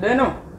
Le no ¿no?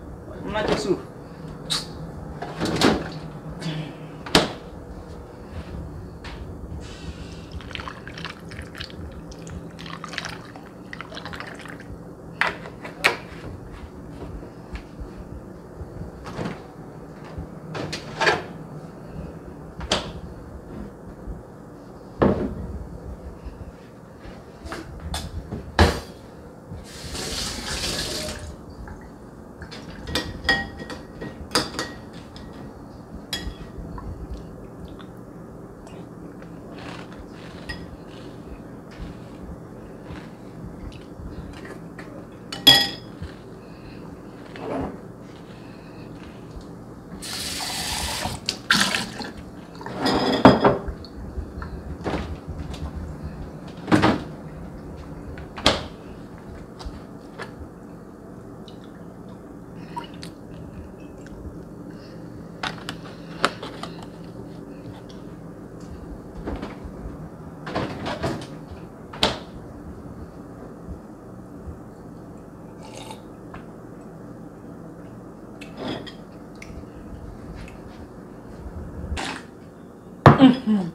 嗯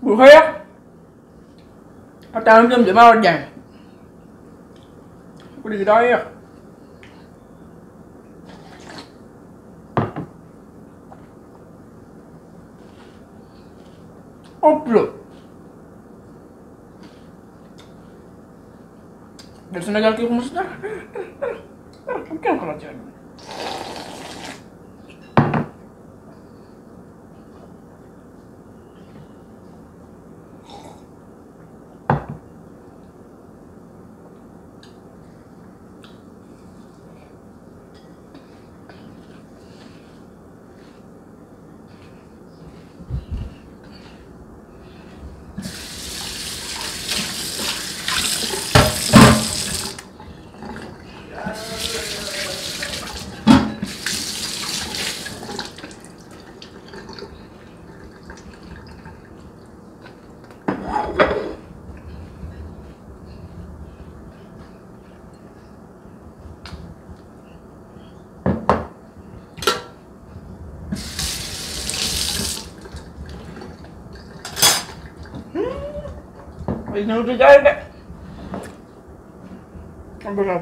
，bụi hết ở tao nó chấm chữ bao di có đi đói á ốp Dari Senegal ke Musnah. kalau ñëw du jaay de. am na la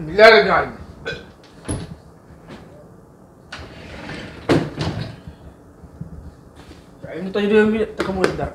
Bismillahirrahmanirrahim. Ini tadi dia ambil tak kamu dah.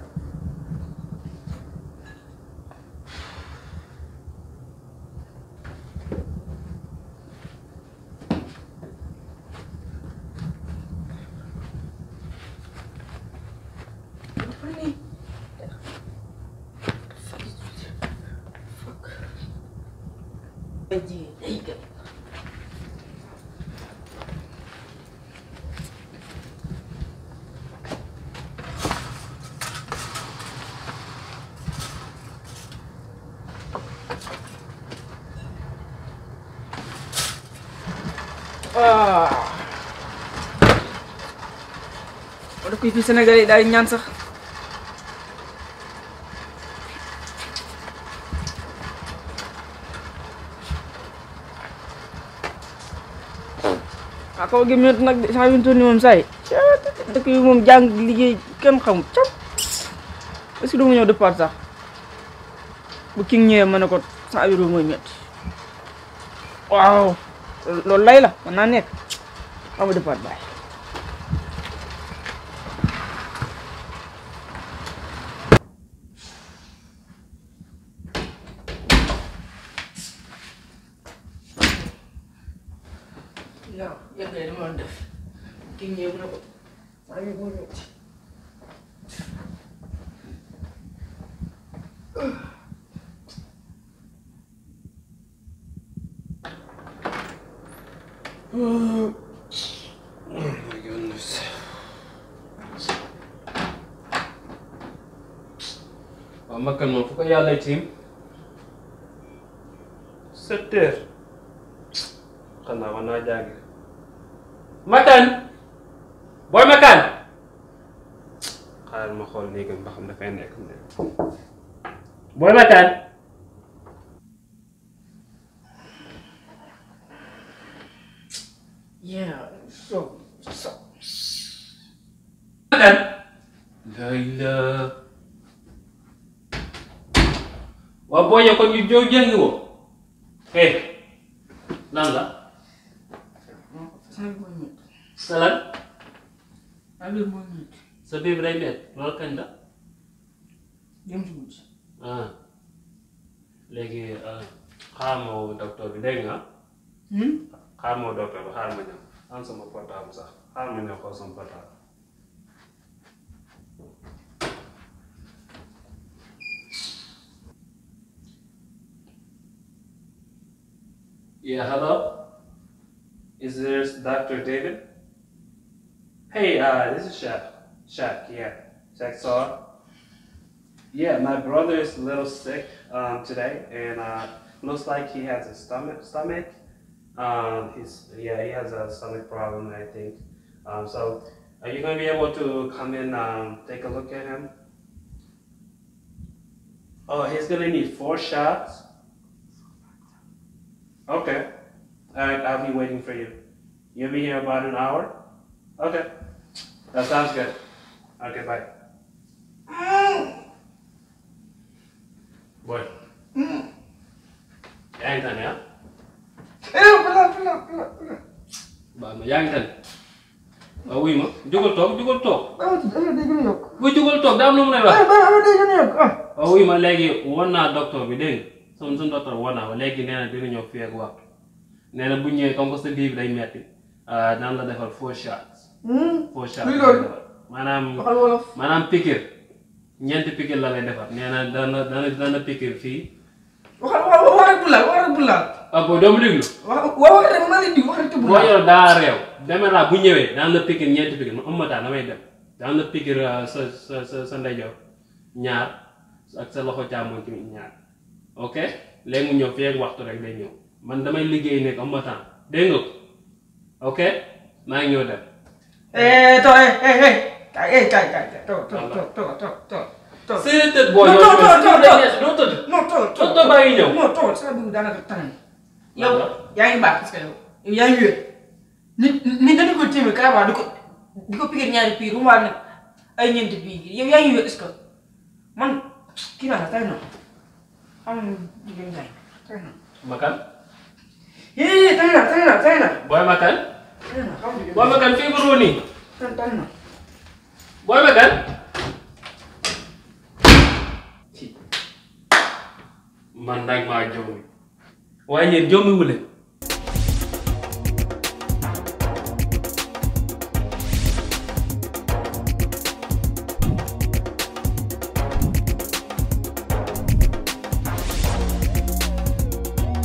wala kuy fii Sénégal yi daal ñaan sax waaw kaw gi minute nag saa yu ñu tourné moom saa yi dëkk yi moom jàng liggéey kenn xamul cam est-ce du ma ñëw départ sax bu ki ñëwee ma ne ko saa yu mooy métti waaw loolu lay la mën naa nekk xaw ma départ bàyyi ginnaaw yëgee li ma doon def génnee mu ne ko mataan booy makaan xaaral ma xool néegam ba xam dafay nekk booy mataan yaa so so mataan lay la waa booy ko ñu jow jëngi woo eh lan Salam. ሰላም አብይ Sabi Ibrahim, welcome. Da. ወከንዳ yamtuuji Ah. xaamoo docteur bi dégg nga xaamoo docteur bi xaar ma ñëw am sama portable sax xaar ma ñëw xool sama portable Yeah, hello. Is this Dr. David? Hey, uh, this is Shaq. Shaq, yeah. Shaq Saw. Yeah, my brother is a little sick um, today, and uh, looks like he has a stomach stomach. Um, he's yeah, he has a stomach problem, I think. Um, so, are you gonna be able to come in um, take a look at him? Oh, he's gonna need four shots. Okay. All right, I'll be waiting for you. You'll be here about an hour. Okay. That sounds good. Okay, bye. What? Boy. Mm. Yankton, ya? Eh, pelan, pelan, pelan, pelan. Ba, yankton. waaw oh, Oui, ma jógal toog jógal toog. ah day gën a yokk. bu jógal toog daa am lu mu lay wax. ah ah day gën a yokk ah. waaw wuy ma léegi wan naa docteur bi dégg nga suñ suñ docteur wan naa ko léegi nee na dina ñëw fii ak waxtu nee na bu ñëwee comme que sa biir bi day metti ah, daan la defal faux pochard hmm? luy loolu maanaam maanaam piqûre ñeenti piqûre la lay defar nee na dana dana dana piqûre fii. waxal waxal waxal bu laal waxal bu laal. ah bon doo ma déglu. wax wax rek ma lay dig waxal bu laal. boo yor daa réew. demee naa bu ñëwee daan la piqûre ñeenti piqûre man am damay dem daan la piqûre ah, sa sa sa sa ndeyjoor ñaar ak sa loxo càmmoñ tamit ñaar ok léegi mu ñëw fii ak waxtu rek day ñëw man damay liggéey nekk am ma temps dégg nga ok maa ngi ñëw dem. Ê, thôi, ê, ê, ê, cái, ê, cái, cái, thôi, thôi, thôi, thôi, thôi, thôi. Сытый бой. Ну то, то, то, то. Ну то, ну то, то. Ну то байню. Ну то, це був дана там. Я я не бачу скажу. Я ю. Ni ni dani ko timi ka ba diko diko pikir nyari pi rumah ni. Ai nyen di pikir. Ya ya yu sko. Man kira ta no. Am di bengai. Ta no. Makan? Ye ye ta na ta na ta na. Boy makan? booy ma gan fii ba Rony. booy ma gan. man nag maa jommi waaye jommi wu